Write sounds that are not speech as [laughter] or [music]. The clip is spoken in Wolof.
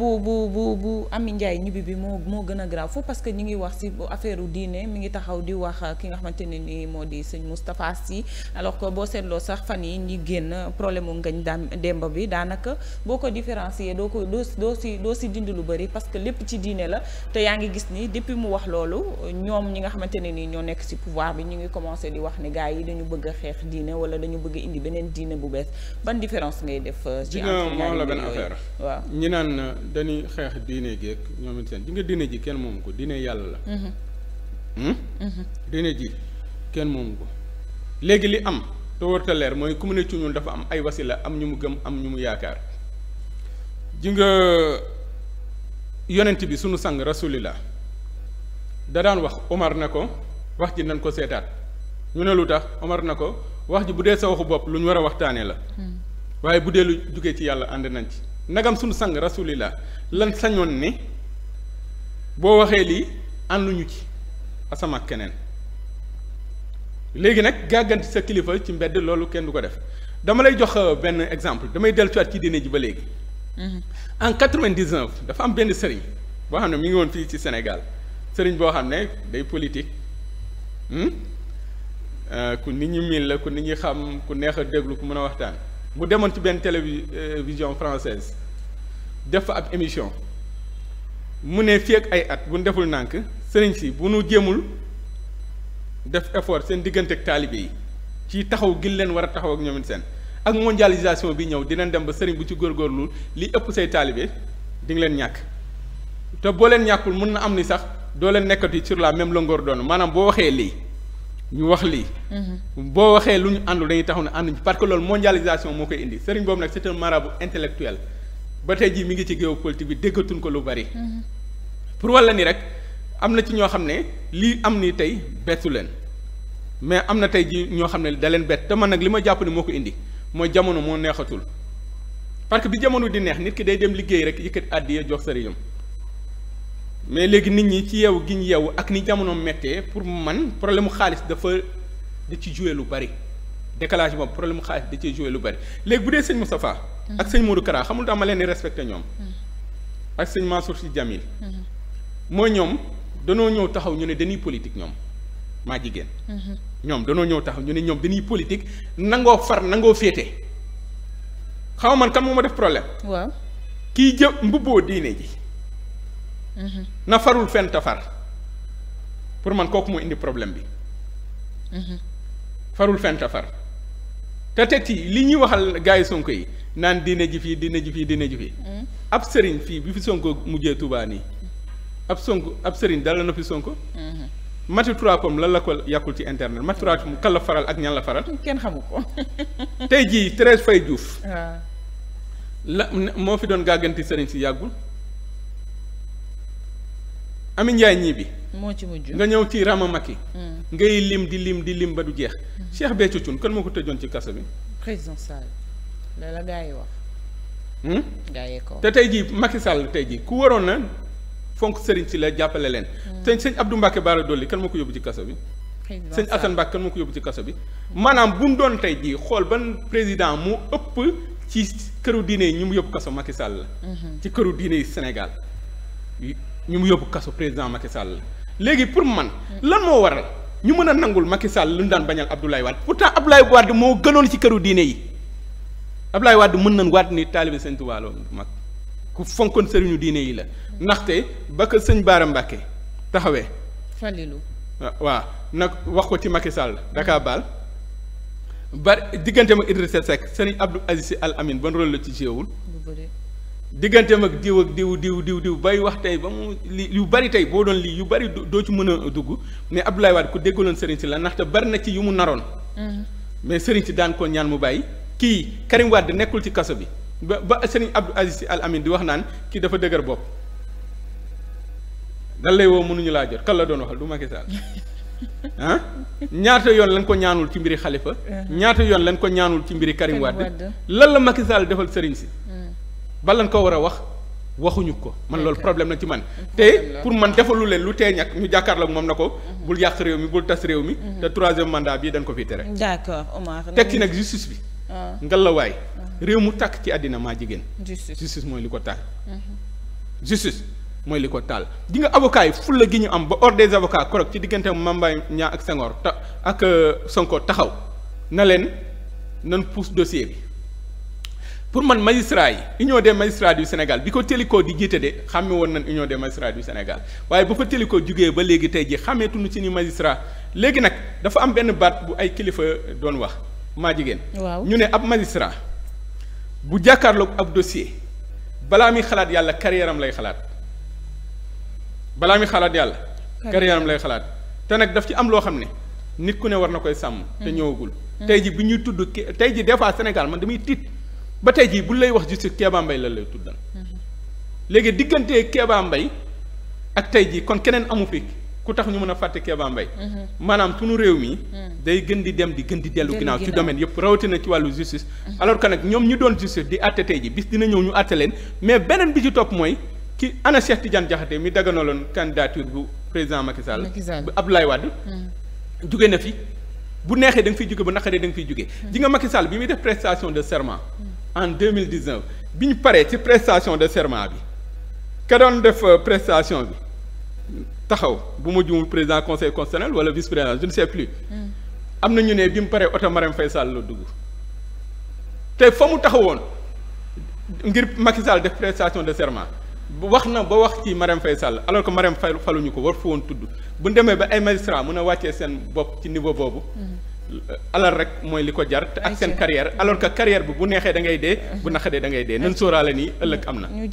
bu bu bu bu Amy Ndiaye ñibbi bi moo moo gën a grave foofu parce que ñu ngi wax ci affaire diine mi ngi taxaw di wax ki nga xamante ne ni moo di sëñ Moustapha si alors que boo seetloo sax fan yi ñi génn problème mu ngañ daan démb bi daanaka boo ko différencier doo ko doo doo ci doo ci dindi lu bëri parce que lépp ci diine la te yaa ngi gis ni depuis mu wax loolu ñoom ñi nga xamante ne ni ñoo nekk ci pouvoir bi ñu ngi commencé di wax ni gars yi dañu bëgg xeex diine wala dañu bëgg indi beneen diine bu bees ban différence ngay def. Euh, ci am ñaari dañuy xeex diine gi ak ñoom seen ji nga diine ji kenn moomu ko diine yàlla la mm-hmm. Hmm? Mm-hmm. diine ji kenn moomu ko léegi li am te mooy ku ne ci ñun dafa am ay wasila am ñu mu gëm am ñu mu yaakaar ji nga yonent bi sunu sang rasulillah da daan wax Omar na ko wax ji nañ ko seetaat ñu ne lu tax Omar na ko wax ji bu dee sa waxu bopp lu ñu war a waxtaanee la mm-hmm. waaye bu dee lu jógee ci yàlla ànd nañ ci nagam suñu sang rasulillah lan sañoon ne boo waxee lii ànduñu ci asama ak keneen léegi nag gàgganti sa kilifa ci mbedd loolu kenn du ko def dama lay jox euh, benn exemple damay dellusiwaat ci diine ji ba léegi. Mm-hmm. en quatre vingt dix dafa am benn sëriñ boo xam ne mi ngi woon fii ci senegal sëriñ boo xam ne day politique hmm? euh, ku nit ñi miin la ku nit ñi xam ku neex a déglu ku mën a waxtaan. mu demoon ci benn télévision française def fa ab émission mu ne fii ak ay at bu ñu deful nànk sëriñ si bu nu jéemul def effort seen diggante ak taalibe yi ci taxaw gi leen war a taxaw ak ñoom seen ak mondialisation bi ñëw dinañ dem ba sëriñ bu ci góorgóorlu li ëpp say taalibe di nga leen ñàkk te boo leen ñàkkul mun na am ni sax doo leen nekkati sur la même longueur d'onde maanaam boo waxee lii ñu wax lii. boo waxee lu ñu àndu dañuy taxu ne ànduñu parce que loolu mondialisation moo koy indi sëriñ boobu nag c'est un marabout intellectuel ba tey jii mi ngi ci géopolitique bi déggatuñ ko lu bari. pour walla ni rek am na ci ñoo xam ne lii am ni tey bettu leen mais am na tey jii ñoo xam ne da leen bett te man nag li ma jàpp ne moo ko indi mooy jamono moo neexatul parce que bi jamono di neex nit ki day dem liggéey rek yëkkat àddiya jox sëriñam. mais léegi nit ñi ci yeewu gi ñu yeewu ak ni jamono méttee pour man problème xaalis dafa da ci joué lu bari décalage boobu problème mu xaalis da ciy joué lu bari léegi bu dee sëñ Moustapha mm-hmm. ak sëñ Modou Kara xamul tax ma leen di ñoom. Mm-hmm. ak sëñ Mansour Sy Djamil. Mm-hmm. mooy ñoom danoo ñëw taxaw ñu ne dañuy politique ñoom maa jigéen. ñoom danoo ñëw taxaw ñu ne ñoom dañuy politique nangoo far nangoo féete xaw man kan moo ma def problème. waaw kiy jë mbubboo diine ji. Mm-hmm. na farul fenn te far pour man kooku moo indi problème bi. Mm-hmm. farul fenn te far te teg ci li ñuy waxal gars yi Sonko yi naan dina ji fii dina ji fii dina ji fii. Mm-hmm. ab sëriñ fii bi fi Sonko mujjee Touba nii ab Sonko ab sëriñ dal na fi Sonko. mati trois pommes lan la ko yàqul ci internet mati trois pommes kan la faral ak ñan la faral. [laughs] kenn xamu ko. tey jii Thérèse Faye Diouf. [laughs] la moo fi doon gàgganti sëriñ si yàggul. Amin Ndiaye ñii bi. moo ci mujj nga ñëw ci Rama Maki. Mm. ngay lim di lim di lim ba du jeex. Mm. Cheikh Béthio Thioune kan moo ko tëjoon ci kaso bi. président Sall la la wax. Hmm? gaa yee ko te tey jii Macky Sall tey jii ku waroon na fonk Serigne si la jàppale leen. sëñ mm. sëñ Abdou Mbacke Bara Dolly kan moo ko yóbbu ci kaso bi. président Sall sëñ Assane Mbacke kan moo ko yóbbu ci kaso bi. maanaam bu mu doon tey jii xool ban président mu ëpp ci këru diine yi ñu mu yóbbu kaso Macky Sall la. Mm-hmm. ci këru diine yi senegal ñu mu yóbbu kaso président Macky Sall la léegi pour man lan moo waral ñu mën a nangul Macky Sall lu ñu daan bañal Abdoulaye Wade pourtant Abdoulaye Wade moo gënoon ci këru diine yi Abdoulaye Wade mën na waat ni taalibe Sëñ Tuubaa la mag ku fonkoon sëriñu diine yi la ndaxte ba ko sëñ Baara Mbàkke taxawee. Falilu ah, waaw nag wax ko ci Macky Sall dakaa baal ba diggante ma Idrissa Seck seen Abdou Aziz Al Amin ban rôle la ci jéewul digganteem ak diw ak diw diw diw diw bay wax tey ba mu li yu bari tey boo doon lii yu bari doo ci mën a dugg mais Abdoulaye Wade ku déggaloon Serigne si la ndaxte bari na ci yu mu naroon. Mm-hmm. mais Serigne si daan ko ñaan mu bàyyi kii Karim Wade nekkul ci kaso bi ba ba Serigne Abdou Aziz Al Amin di wax naan kii dafa dëgër bopp. dan lay woo mënuñu laa jot kan la doon waxal du Macky Sall [laughs] ah ñaata yoon lañ ko ñaanul ci mbiri xalifa uh-huh. ñaata yoon lañ ko ñaanul ci mbiri Karim lan la Macky defal Serigne si. balan ko war a wax waxuñu ko man loolu problème na ci man te pour man defalu leen lu tee ñàkk ñu jàkkaarloog moom na ko mhm. bul yàq réew mi bul tas réew mi mhm. te troisième mandat bii dañ ko fi tere d'accord Omar teg ci nag justice bi ah. ngelawaay ah. réew mu tàkk ci àddina ma jigéen justice mooy li ko tàkk mhm. justice mooy li ko taal di nga avocats yi fulla gi ñu am ba ordre des avocats korog ci diggante Mame Mbaye Niang ak Senghor ta ak euh, Sonko taxaw na leen nan pousse dossier bi pour man magistrat yi union des magistrats du Sénégal bi ko Téliko di jiite de xàmme woon nañ union des magistrats du Sénégal waaye bu fa Téliko jugee ba léegi tey ji xàmmeetuñu ci ni magistrat léegi nag dafa am benn baat bu ay kilifa doon wax maa jigéen. waaw ñu ne ab magistrat bu jàkkaarloog ab dossier balaa muy xalaat yàlla carrière lay xalaat balaa mi xalaat yàlla. carrière am lay xalaat te nag daf ci am loo xam ne nit ku ne war na koy sàmm. te mm. ñëwagul. Mm. tey ji bi tudd tey ji des fois Sénégal man damay tiit. ba tey jii bu lay wax justice Kéba Mbaye la lay tuddal léegi diggante Kéba Mbaye ak tey jii kon keneen amu fi ku tax ñu mën a fàtte Kéba Mbaye mm-hmm. maanaam sunu réew mi mm. day gën di dem di gën di dellu ginnaaw ci domaine yëpp rawatina ci wàllu justice mm-hmm. alors que nag ñoom ñu doon justice di àtte tey ji bis dina ñëw ñu àtte leen mais beneen bi ci topp mooy ki ana Cheikh Tidiane Diakhaté mi daganaloon candidature bu président Macky Sall bu Abdoulaye Wade mm. juge na fi bu neexee da nga fiy jóge bu naqaree da nga fiy jóge mm. ji nga Macky Sall bi muy def prestation de serment en deux mille dix neuf bi ñu paree ci prestation de serment bi ka doon def euh, prestation bi taxaw bu ma juumul président conseil constitutionnel wala vice président je ne sais plus. Hmm. am na ñu ne bi mu paree oto Marème Faye Sall la dugg te fa mu taxawoon ngir Macky Sall def prestation de serment wax na ba wax ci Marème Faye Sall alors que Marème Faye faluñu ko war fa woon tudd bu demee ba ay magistrat mën a wàccee seen bopp ci niveau boobu. Hmm. alal rek mooy li ko jar te ak seen carrière alors que carrière bi bu neexee da ngay dee bu naqadee da ngay dee nan sóoraale ni ëllëg am na